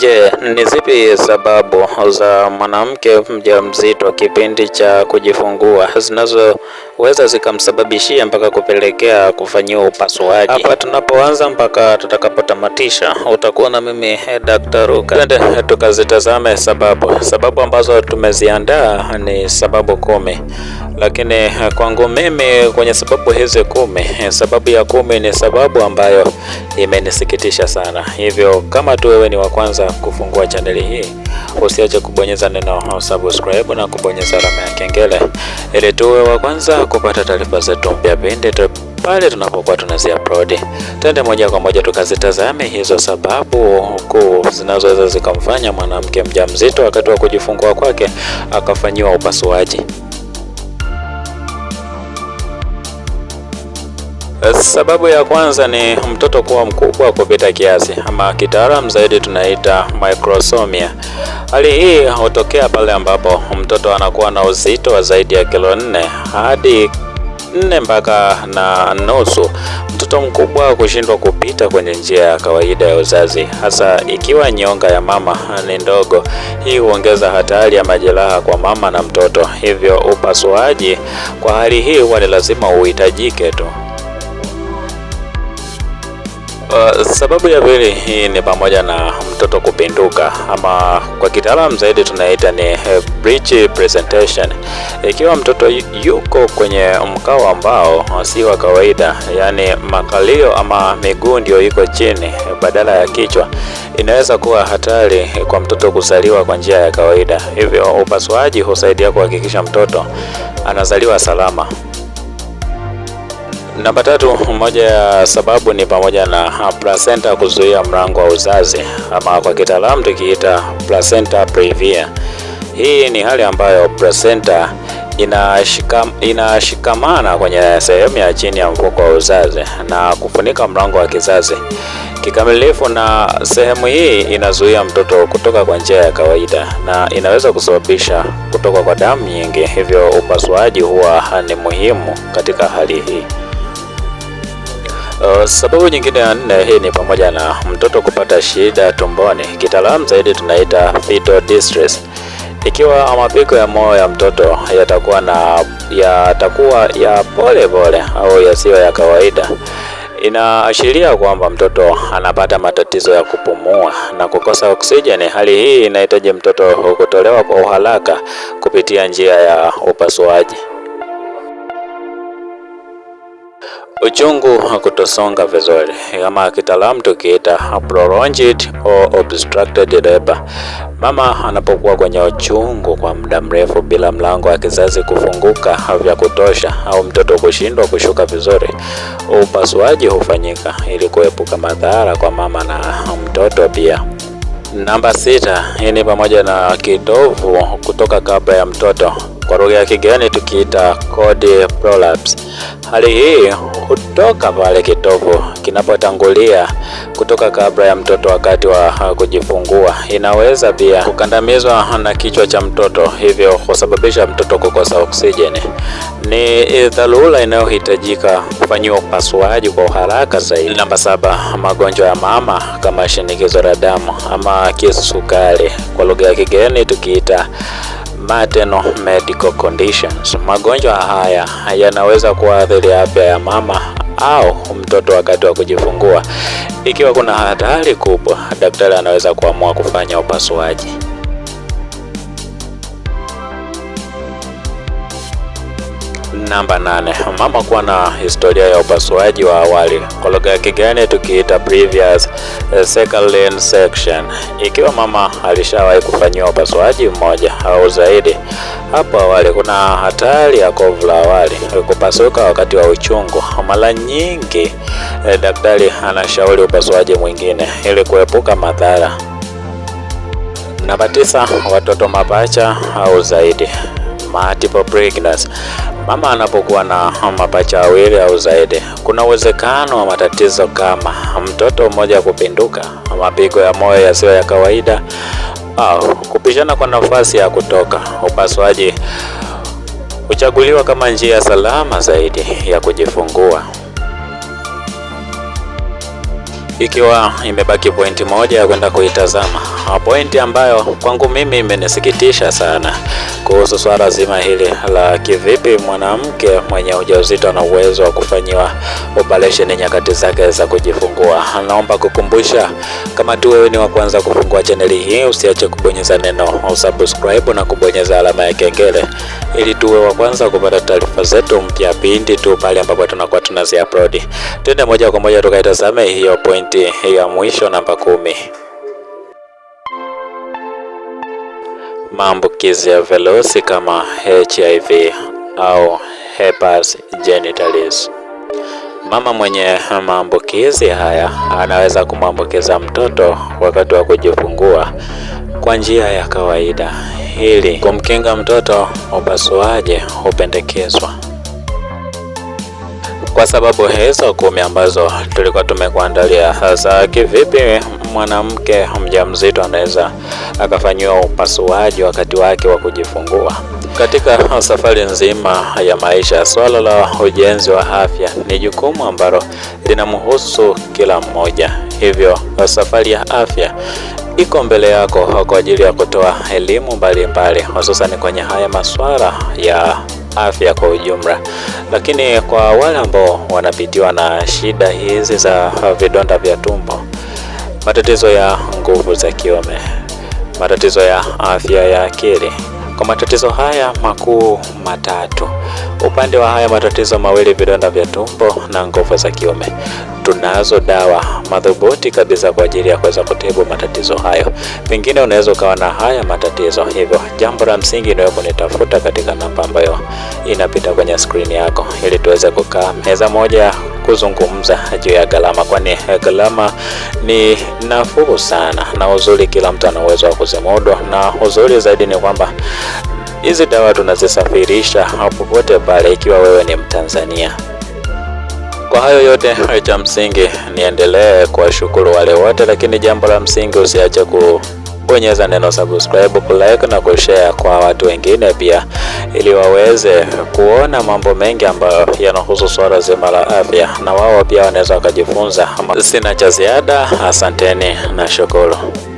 Je, ni zipi sababu za mwanamke mjamzito kipindi cha kujifungua zinazo huweza zikamsababishia mpaka kupelekea kufanyiwa upasuaji. Hapa tunapoanza mpaka tutakapotamatisha, utakuwa na mimi eh, Dr. Ruka. Twende eh, tukazitazame sababu. Sababu ambazo tumeziandaa ni sababu kumi, lakini eh, kwangu mimi kwenye sababu hizi kumi, sababu ya kumi ni sababu ambayo imenisikitisha sana. Hivyo kama tu wewe ni wa kwanza kufungua chaneli hii usiache kubonyeza neno subscribe na kubonyeza alama ya kengele ili tuwe wa kwanza kupata taarifa zetu mpya pindi pale tunapokuwa tunazi upload. Tende moja kwa moja tukazitazame hizo sababu kuu zinazoweza zikamfanya mwanamke mjamzito wakati wa kujifungua kwake akafanyiwa upasuaji. Sababu ya kwanza ni mtoto kuwa mkubwa kupita kiasi ama kitaalamu zaidi tunaita microsomia. Hali hii hutokea pale ambapo mtoto anakuwa na uzito wa zaidi ya kilo nne hadi nne mpaka na nusu, mtoto mkubwa kushindwa kupita kwenye njia ya kawaida ya uzazi, hasa ikiwa nyonga ya mama ni ndogo. Hii huongeza hatari ya majeraha kwa mama na mtoto, hivyo upasuaji kwa hali hii huwa ni lazima uhitajike tu. Uh, sababu ya pili hii ni pamoja na mtoto kupinduka ama kwa kitaalamu zaidi tunaita ni eh, breech presentation. Ikiwa mtoto yuko kwenye mkao ambao uh, si wa kawaida, yaani makalio ama miguu ndio iko chini badala ya kichwa, inaweza kuwa hatari kwa mtoto kuzaliwa kwa njia ya kawaida. Hivyo upasuaji husaidia kuhakikisha mtoto anazaliwa salama. Namba tatu, moja ya sababu ni pamoja na placenta kuzuia mlango wa uzazi ama kwa kitaalamu tukiita placenta previa. Hii ni hali ambayo placenta inashikamana inashikamana kwenye sehemu ya chini ya mfuko wa uzazi na kufunika mlango wa kizazi kikamilifu, na sehemu hii inazuia mtoto kutoka kwa njia ya kawaida na inaweza kusababisha kutoka kwa damu nyingi, hivyo upasuaji huwa ni muhimu katika hali hii. Uh, sababu nyingine ya nne hii ni pamoja na mtoto kupata shida tumboni, kitaalamu zaidi tunaita fetal distress. Ikiwa mapigo ya moyo ya mtoto yatakuwa na yatakuwa ya pole pole au yasiyo ya kawaida, inaashiria kwamba mtoto anapata matatizo ya kupumua na kukosa oksijeni. Hali hii inahitaji mtoto kutolewa kwa uharaka kupitia njia ya upasuaji. uchungu kutosonga vizuri, kama kitaalamu tukiita prolonged or obstructed labor. Mama anapokuwa kwenye uchungu kwa muda mrefu bila mlango wa kizazi kufunguka vya kutosha au mtoto kushindwa kushuka vizuri, upasuaji hufanyika ili kuepuka madhara kwa mama na mtoto pia. Namba sita, hii ni pamoja na kitovu kutoka kabla ya mtoto, kwa lugha ya kigeni tukiita cord prolapse. Hali hii kutoka pale kitovu kinapotangulia kutoka kabla ya mtoto wakati wa uh, kujifungua. Inaweza pia kukandamizwa na kichwa cha mtoto, hivyo kusababisha mtoto kukosa oksijeni. Ni eh, dharura inayohitajika kufanyiwa upasuaji kwa haraka zaidi. Namba saba, magonjwa ya mama kama shinikizo la damu ama kisukari, kwa lugha ya kigeni tukiita maternal medical conditions. Magonjwa haya yanaweza kuathiri afya ya mama au mtoto wakati wa kujifungua. Ikiwa kuna hatari kubwa, daktari anaweza kuamua kufanya upasuaji. namba 8. Mama kuwa na historia ya upasuaji wa awali, kwa lugha ya kigeni tukiita previous eh, second section. Ikiwa mama alishawahi kufanyiwa upasuaji mmoja au zaidi hapo awali, kuna hatari ya kovu la awali kupasuka wakati wa uchungu. Mara nyingi eh, daktari anashauri upasuaji mwingine ili kuepuka madhara. Namba tisa, watoto mapacha au zaidi multiple pregnancy. Mama anapokuwa na mapacha wawili au zaidi, kuna uwezekano wa matatizo kama mtoto mmoja kupinduka, mapigo ya moyo yasiyo ya kawaida, au kupishana kwa nafasi ya kutoka. Upasuaji huchaguliwa kama njia salama zaidi ya kujifungua. Ikiwa imebaki pointi moja ya kwenda kuitazama pointi ambayo kwangu mimi imenisikitisha sana kuhusu swala zima hili la kivipi mwanamke mwenye ujauzito na uwezo wa kufanyiwa operation nyakati zake za kujifungua. Naomba kukumbusha, kama tu wewe ni wa kwanza kufungua chaneli hii, usiache kubonyeza neno subscribe na kubonyeza alama ya kengele ili tuwe wa kwanza kupata taarifa zetu mpya pindi tu pale ambapo tunakuwa tunazi upload. Tende moja kwa moja tukaitazame hiyo pointi ya mwisho namba kumi. maambukizi ya virusi kama HIV au herpes genitalis. Mama mwenye maambukizi haya anaweza kumwambukiza mtoto wakati wa kujifungua kwa njia ya kawaida. Ili kumkinga mtoto, upasuaji hupendekezwa. Kwa sababu hizo kumi ambazo tulikuwa tumekuandalia, hasa kivipi mwanamke mjamzito anaweza akafanyiwa upasuaji wakati wake wa kujifungua. Katika safari nzima ya maisha, swala la ujenzi wa afya ni jukumu ambalo linamhusu kila mmoja. Hivyo safari ya afya iko mbele yako kwa ajili ya kutoa elimu mbalimbali, hususani kwenye haya masuala ya afya kwa ujumla. Lakini kwa wale ambao wanapitiwa na shida hizi za vidonda vya tumbo matatizo ya nguvu za kiume, matatizo ya afya ya akili. Kwa matatizo haya makuu matatu, upande wa haya matatizo mawili, vidonda vya tumbo na nguvu za kiume, tunazo dawa madhubuti kabisa kwa ajili ya kuweza kutibu matatizo hayo. Pengine unaweza ukawa na haya matatizo, hivyo jambo la msingi ni kunitafuta katika namba ambayo inapita kwenye skrini yako, ili tuweze kukaa meza moja kuzungumza juu ya gharama, kwani gharama ni nafuu sana, na uzuri kila mtu ana uwezo wa kuzimudu, na uzuri zaidi ni kwamba hizi dawa tunazisafirisha popote pale, ikiwa wewe ni Mtanzania. Kwa hayo yote, cha msingi niendelee kuwashukuru wale wote, lakini jambo la msingi usiache ku bonyeza neno subscribe, kulike na kushare kwa watu wengine pia, ili waweze kuona mambo mengi ambayo yanahusu swala zima la afya, na wao pia wanaweza wakajifunza. Sina cha ziada, asanteni na shukuru.